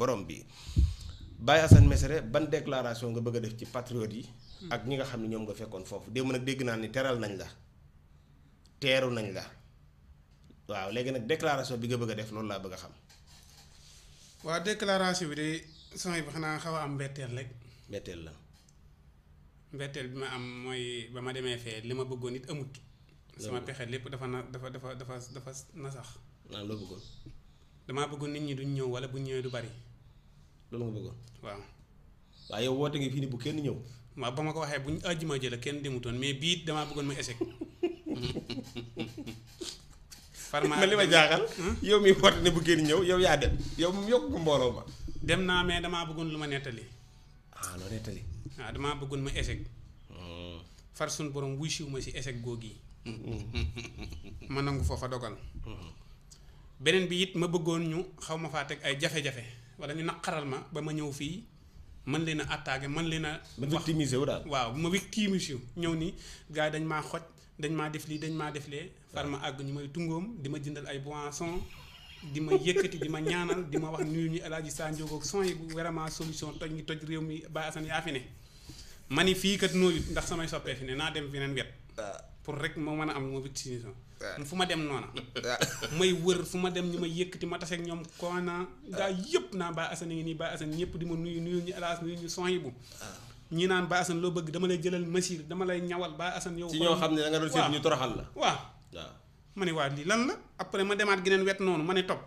borom bi Baye Assane Mesere ban déclaration nga bëgg def ci patriote yi ak ñi nga xamni ñom nga fekkon fofu dem nak dégg naa ni téral nañ la téru nañ la waaw légui nak déclaration bi nga bëgg def loolu la bëgg xam wa déclaration bi dé sama bi xana xawa am bétel rek bétel la bétel bi ma am moy bama démé fé lima li ma bëggoon it amut sama pexé lépp dafa na dafa dafa dafa dafa nasax naa lo bëggoon dama bëggoon nit ñi du ñëw wala bu ñëwee du bari loolu nga bëggoon waaw waaye yow woote nga fii ni bu kenn ñëw ma ba ma ko waxee buñ àjjuma ah, jëla kenn demutoon mais bii damaa bëggoon ma échec farma li ma jaaxal yow mi woote ne bu kenn ñëw yow yaa dem yow moom yokk mbooloo ma dem naa mais damaa bëggoon lu ma nettali ah loo nettali Ada damaa bëggoon ma échec far sun borom wuy siw ma si échec googi ma nangu foofa dogal beneen bi it ma bëggoon ñu xaw ma faa teg ay jafe-jafe wala ñu naqaral ma ba ma ñëw fii man leen a attaqué mën leen a. ba victimisé wu daal waaw ma victimisé wu ñëw ni gars yi dañ maa xoj dañ maa def lii dañ maa def lee far ma àgg ñu may tungoom di ma jëndal ay boissons di ma yëkkati di ma ñaanal di ma wax nuyu ñu El Hadj Sa Ndiogou son yi vraiment solution toj ngi toj réew mi Baye Assane yaa fi ne. ma ni fii kat nooyut ndax samay soppee fi ne naa dem feneen wet. pour rek moo mën a am ma fu ma dem noona may wër fu ma dem ñu ma yëkkati ma taseeg ñoom koona gaa yëpp naa Baye Assane ngi nii Baye Assane ñëpp di ma nuyu nuyu ñu alaas nuyu ñu soy bu ñii naan Baye Assane loo bëgg dama lay jëlal masir dama lay ñawal Baye Assane yow ci ñoo xam ne da nga doon seet ñu toroxal la waaw waaw ma ne waa lii lan la après ma demaat geneen wet noonu ma ne topp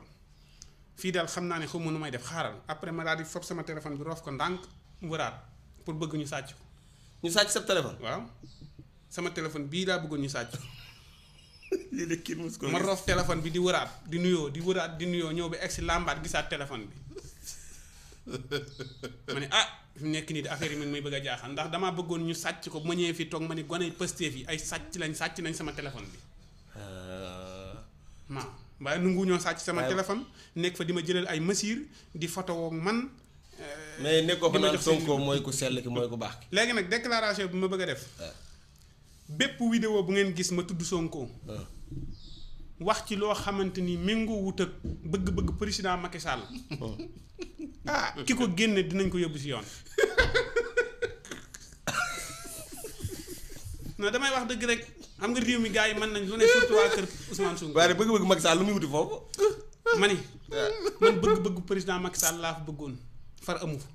fii daal xam naa ne xaw ma nu may def xaaral après ma daal di fob sama téléphone bi roof ko ndànk wëraat pour bëgg ñu sàcc ñu sàcc sa téléphone waaw sama téléphone bii laa bëggoon ñu sàcc. lii la ko ma rof téléphone bi di wëraat di nuyoo di wëraat di nuyoo ñëw ba egg si làmbaat gisaat téléphone bi ma ne ah fi mu nekk nii affaire yi mi ngi bëgg a jaaxal ndax damaa bëggoon ñu sàcc ko ma ñëwee fi toog ma ne gone Pastef yi ay sàcc lañ sàcc nañ sama téléphone bi. waaw euh. waaye nangu ñoo sàcc sama téléphone nekk fa di ma jëlal ay mesures di photo man. Euh, mais nekk ko fa naan Sonko mooy ku sell ki mooy ku baax ki. léegi nag déclaration bi ma bëgg a def. Euh. bépp vidéo bu ngeen gis ma tudd Sonko. Ah. wax ci loo xamante ni méngoo wut ak bëgg-bëgg président Macky ah. Ah, ki ko génne dinañ ko yóbbu si yoon. non damay wax dëgg rek xam nga réew mi gars yi mën nañ lu ne surtout waa kër Ousmane Sonko. waaye bëgg-bëgg Macky Sall lu muy wuti foofu. ma ni man bëgg-bëgg président Macky Sall laa fa bëggoon. far amu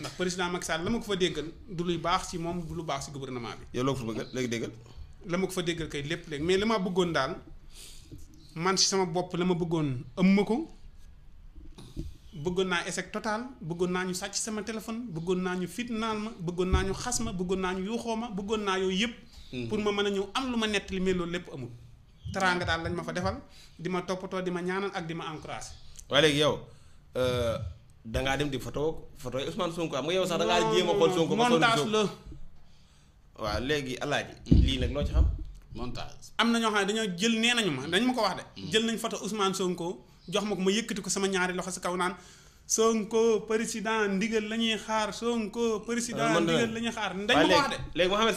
ndax président Macky Sall la ma ko fa déggal du luy baax ci moom du lu baax ci gouvernement bi. yow loo ko fa bëgg léegi déggal. la ma ko fa déggal kay lépp léegi mais la ma bëggoon daal man ci sama bopp la ma bëggoon ëmm ma ko bëggoon naa échec total bëggoon naa ñu sàcc sama téléphone bëggoon naa ñu fitnaan ma bëggoon naa ñu xas ma bëggoon naa ñu yuuxoo ma bëggoon naa yooyu yëpp. Hmm. pour ma mën a ñëw am lu ma nettali mais loolu lépp amul. teraanga daal lañ ma fa defal di toppatoo di ma ñaanal ak di ma encouragé. waaye Euh, da ngaa dem di photo photo Ousmane Sonko am nga yow sax da ngaa jéem a xool Sonko. montage la waaw léegi alaaji lii nag loo ci xam. montage am na ñoo xam ne dañoo jël nee nañu ma dañ ma ko wax de. Mm. jël nañ photo Ousmane Sonko jox ma ko ma yëkkati ko sama ñaari loxo si kaw naan. Sonko président ndigal la ñuy xaar Sonko président ah, ndigal la ñuy xaar. dañ ma ko wax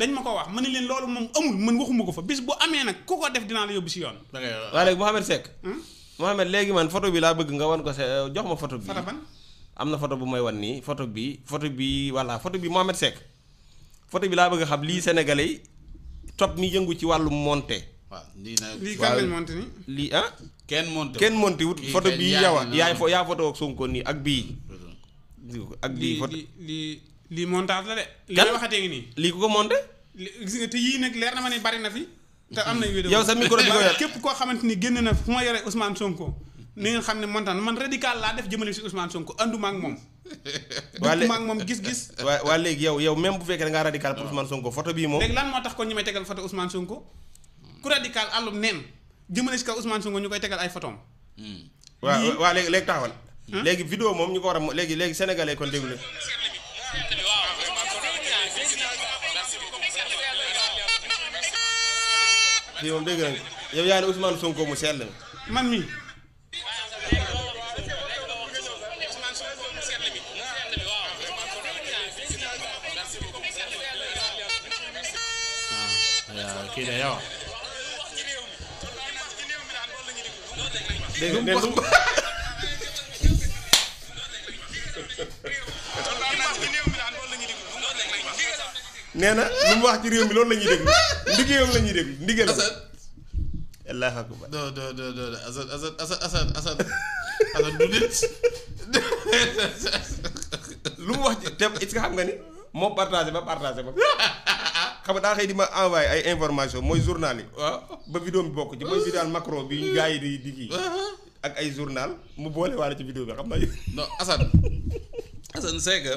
dañ ma ko wax ma ne leen loolu moom amul man waxuma ko fa bis bu amee nag ku ko def dinaa la yóbbu si yoon. waaw léegi Mouhamed Mohamed léegi man photo bi laa bëgg nga wan ko sa euh, jox ma foto bi photo ban am na photo bu may wan nii photo bi photo bi voilà photo bi Mohamed Seck foto bi laa bëgg a xam lii sénégalais yi top mi yëngu ci wàllu monté. waaw lii nag lii kan ah? kenn monté kenn monté wut photo bii yow nii ak bii. ak bii photo lii lii montage la waxatee ngi nii. lii ku ko monté. te yii nag leer na ma ne bari na fi. te am na vidéo yow sa képp koo xamante ni génn na fu ma yore Ousmane Sonko ni ngeen xam ne man tam man radical laa def jëmale si Ousmane Sonko anduma ak moom. waa léegi moom gis-gis. waa waa léegi yow yow même bu fekkee da ngaa radical pour Ousmane Sonko photo bii moom. léegi lan moo tax kon ñu may tegal photo Ousmane Sonko ku radical àllum neen jëmale si kaw Ousmane Sonko ñu koy tegal ay photom hmm. waa waa léegi léegi taxawal. Hmm? léegi vidéo moom ñu ko war a léegi léegi sénégalais kon déglu lii moom dégg nañ yow yaa ne Ousmane Sonko mu sell mi man mi ah, kii de yow. dégg nga nee na lu mu wax ci réew mi loolu la ñuy déglu ndigeelam la ñuy déglu ndigeelam. Assane. allahu lu mu wax ci te it xam nga ni moo partagé ba partagé ba. xam nga daa xëy di ma envoyé ay information mooy journal yi. waaw ba vidéo bi bokk ci mooy vidéo Macron bi gars yi di di uh-huh. ak ay journal mu boole waale ci vidéo bi xam nga. non Assane Assane c'est que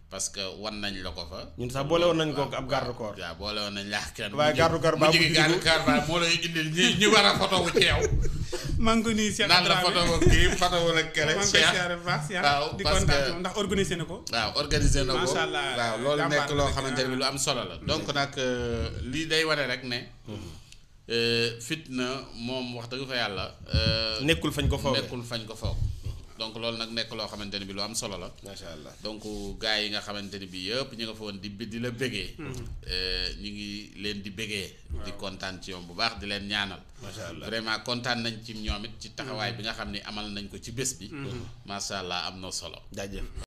parce que wan nañ la ko fa. ñun sax boole woon nañ ko ab garde corps. waaw boole woon nañ la ak kenn. waaye garde corps baa mujj moo lay indil ñi ñi war a photo wu teew. maa ngi ko nuyu Cheikh la photo wu kii photo wu la kere. Cheikh waaw ndax organiser na ko. waaw organiser loolu nekk loo xamante ne lu am solo la. donc mm-hmm. nag euh, lii day wane rek ne. Mm-hmm. Euh, fitna moom wax dëgg fa yàlla. Euh, nekkul fañ ko foog nekkul fañ ko foog. donc loolu nag nekk loo xamante ne bi lu am solo la. macha allah donc gars yi nga xamante ne bi yëpp ñu nga fa woon di di la bëggee. Mm-hmm. Euh, ñu ngi leen di bëggee. di kontaan ci yoon bu baax di leen ñaanal. macha vraiment kontaan nañ ci ñoomit ci taxawaay mm-hmm. bi nga xam ne amal nañ ko ci bés bi. Mm-hmm. macha allah am na solo. jaajëf.